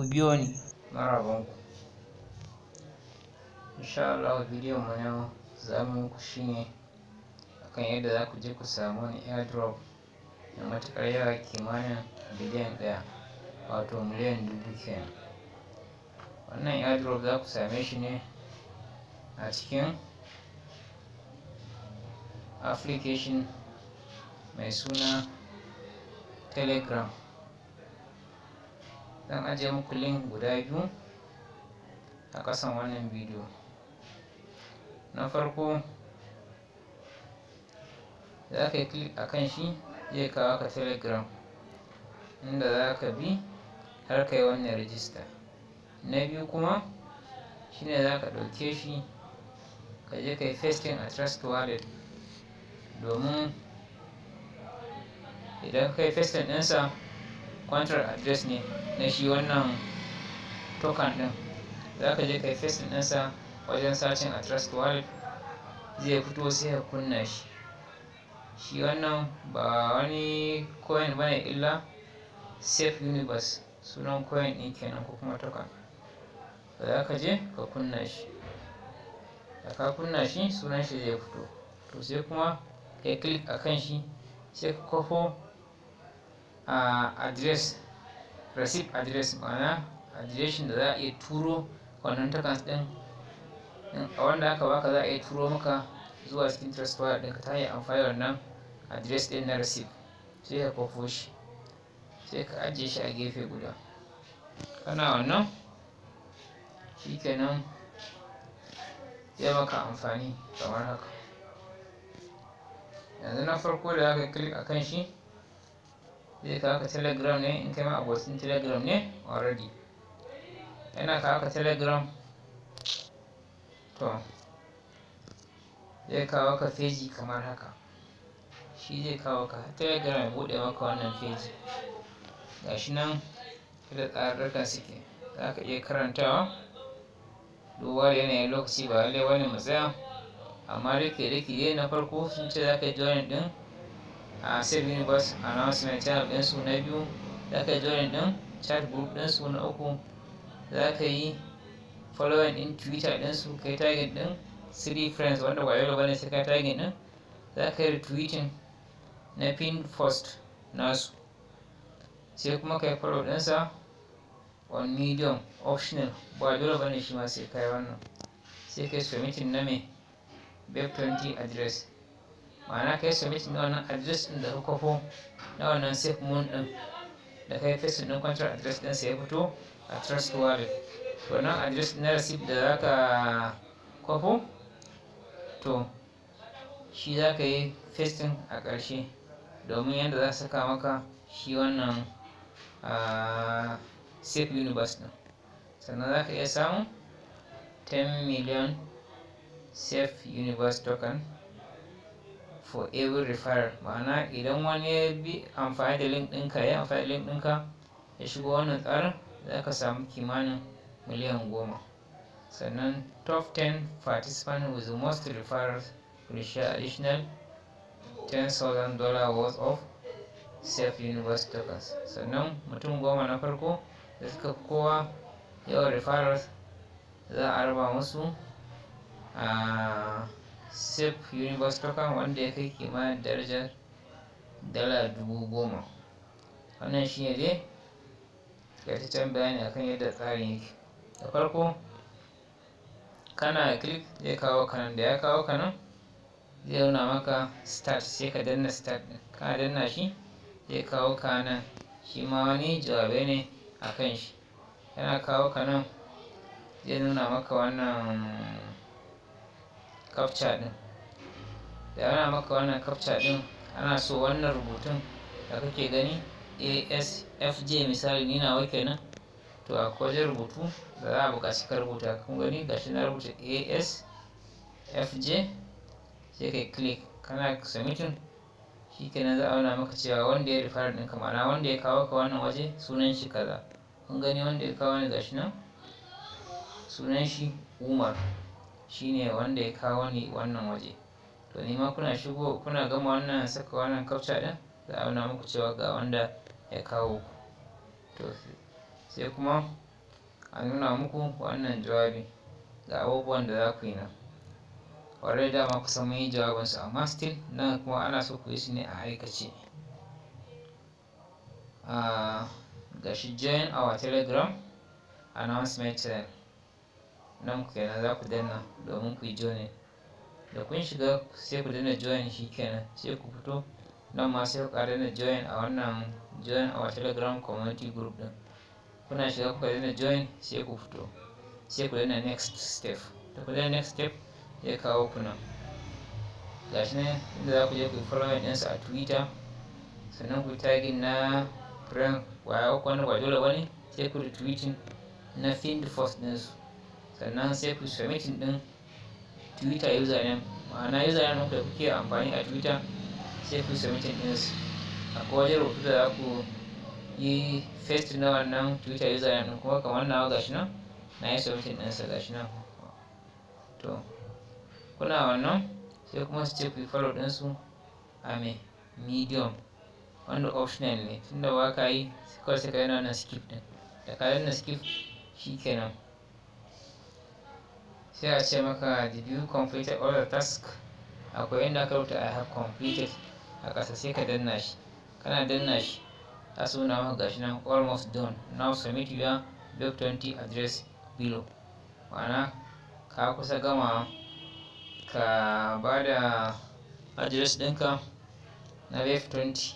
ku biyo ni marabanku insha zamu muku shine akan yadda za ku je ku samu wani airdrop na matuƙar yawa kimanin biliyan ɗaya wato miliyan dubu kenan wannan airdrop za ku same shi ne a cikin application mai suna telegram zan ajiye muku link guda biyu a kasan wannan bidiyo na farko za ka yi click a kan shi zai kawo ka telegram inda za ka bi har ka yi wannan rijista na biyu kuma shine za ka ɗauke shi ka je ka yi a trust wallet domin idan ka yi festin ɗinsa contract address ne na shi wannan token din. za ka je ka yi facing ɗinsa wajen searching a to wallet zai fito sai ka kunna shi shi wannan ba wani coin bane illa safe universe sunan coin ɗin kenan ko kuma token za ka je ka kunna shi da ka kunna shi sunan shi zai fito to sai kuma kai click akan shi sai ka kwafo address receive address ma'ana adireshin da za a iya turo wannan takas ɗin a wanda aka baka za a iya turo maka zuwa cikin transfer ɗinka ta hanyar amfani wannan address ɗin na receive sai ka kwafo shi sai ka ajiye shi a gefe guda kana wannan shikenan ya maka amfani kamar haka yanzu na farko da aka klik a kan shi zai eh, kawo ka telegram ne in kai ma abokin telegram ne already yana kawo ka telegram to zai kawo ka feji kamar haka shi zai kawo ka telegram ya buɗe maka wannan feji Ga shi nan da tsararraka suke za ka iya karantawa duba da yanayin lokaci ba lallai wani matsaya amma rike rike na farko sun ce za ka yi join din a save universe announcement channel ɗinsu na biyu za ka yi join ɗin chat group ɗinsu na uku za ka yi following ɗin twitter ɗinsu ka yi tagin ɗin three friends wanda ba yau bane sai ka tagin ɗin za ka yi retweeting na pin post nasu sai kuma ka yi follow ɗinsa on medium optional ba dole ne shi ma sai kai wannan sai ka yi submitting na mai web 20 address ma'ana kai submitting na wannan address ɗin da ka kwafo na wannan safe moon ɗin da kai facing ɗin contract address ɗin sai ya fito a trust wallet wannan address na receipt da za ka kwafo to shi za ka yi facing a ƙarshe domin yadda za su saka maka shi wannan safe universe ɗin sannan za ka iya samun 10 million safe universe token for every referral ma'ana idan wani ya bi amfani da link ɗinka ya amfani da link ɗinka ya shigo wannan tsarin za ka samu kimanin miliyan goma sannan top 10 participants with the most referrals will share additional $10,000 worth of safe university tokens sannan mutum goma na farko da suka kowa yawan referrals za a raba musu a ah, safe universe token wanda ya kai kimanin darajar dala dubu goma wannan shi ne dai gaitaccen bayani akan yadda tsarin yake da farko kana click zai kawo kanan da ya kawo kanan zai nuna maka start sai ka danna start kana danna shi zai kawo kanan shi ma wani jawabai ne akan shi yana kawo kanan zai nuna maka wannan kafca din da ana maka wannan kafca din ana so wannan rubutun da kake gani asfj misali ni nawa kenan to a wajen rubutu da za a buƙaci ka rubuta kun gani gashi na rubuta asfj sai ka click kana submitting shi kenan za a nuna maka cewa wanda ya refer ɗinka ma'ana wanda ya kawo ka wannan waje sunan shi kaza kun gani wanda ya kawo ni gashi nan sunan shi umar shine wanda ya kawo ni wannan waje to nima kuna shigo kuna gama wannan saka wannan kafca din za a nuna muku cewa ga wanda ya kawo ku to sai kuma a nuna muku wannan jawabi ga abubuwan da za ku yi nan da dama kusan mun yi jawabinsu amma still nan kuma ana so ku yi su ne a aikace ah, ga shi join our telegram announcement nan kenan za ku danna domin ku yi joinin da kun shiga sai ku danna join shi kenan sai ku fito nan ma sai ku danna join a wannan join our telegram community group din kuna shiga kuka danna join sai ku fito sai ku danna next step da ku danna next step ya kawo ku nan gashi ne inda za ku je ku yi following ɗinsa a twitter sannan ku tagin na prank ya wani ba dole wani sai ku retweeting na find first ɗinsu sannan sai ku submitting din twitter username ma'ana username da kuke amfani a twitter sai ku submitting din su a wajen rubutu da za ku yi paste na wannan twitter username din kuma kamar nawa gashi nan na yi submitting din sa gashi nan to kuna wannan sai kuma su ce ku yi follow din su a me medium wanda optional ne tunda ba ka yi kawai sai ka yi na wannan skip din da ka yi na skip kenan. sai a ce maka did you complete all the task akwai inda aka rubuta i have completed a ƙasa sai ka danna shi kana danna shi a suna maka gashi nan almost done now submit your blog 20 address below ma'ana ka kusa gama ka ba da address ɗinka na web 20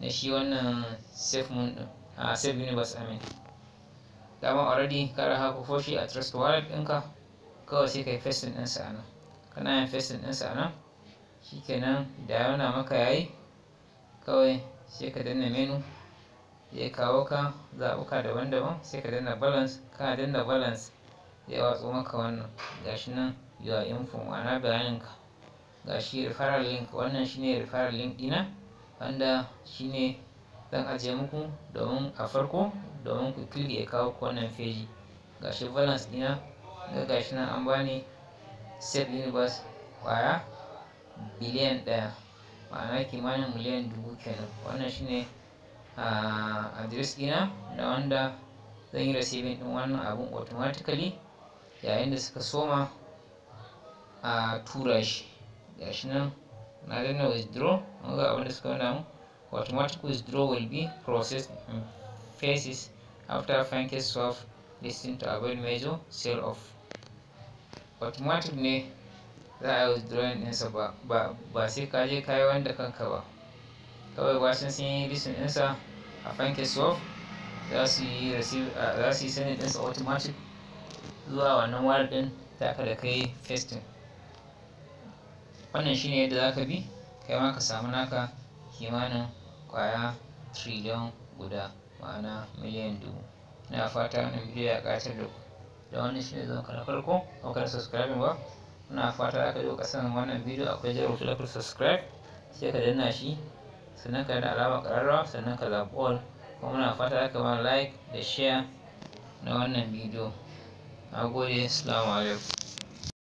na shi wannan safe moon ɗin ah, a safe universe amin dama already ka raha ku foshi a trust wallet ɗinka kawai sai ka yi fesin ɗinsa a nan kana yin fesin ɗinsa a nan shi kenan da ya nuna maka yayi kawai sai ka danna menu zai kawo ka zaɓuka daban-daban sai ka danna balance Ka danna balance zai watsu maka wannan gashi nan yawa info ma'ana Ga gashi referral link wannan shine referral link ɗina wanda shine zan ajiye muku domin a farko domin ku click ya kawo ku wannan feji gashi balance ɗina ga gashi nan an bani set universe kwaya biliyan ɗaya ma'ana kimanin miliyan dubu kenan wannan shine adres ɗina da wanda zan yi receiving din wannan abun automatically yayin da suka soma a tura shi gashi nan na danna withdraw wanda abin suka wanda mu automatic withdraw will be processed in phases after Fankes swap listening to abel major sale of automatic ne za a yi withdrawing ɗinsa ba ba sai ka je kayi wanda kanka ba kawai bashin sun yi lisin ɗinsa a fanke swap za su yi za su yi sanin ɗinsa automatic zuwa wannan wayar ɗin da ka da kai festin wannan shine yadda za ka bi kai ma ka samu naka kimanin kwaya trillion guda ma'ana miliyan dubu ina fata wannan bidiyo ya ƙayatar da ku da wani shine zama kana farko ba ka subscribe ba muna fata ka zo san wannan bidiyo akwai jar rubutu da ku subscribe sai ka danna shi sannan ka da alama ƙararrawa sannan ka zaɓi all kuma muna fata ka ma like da share na wannan bidiyo na gode assalamu alaikum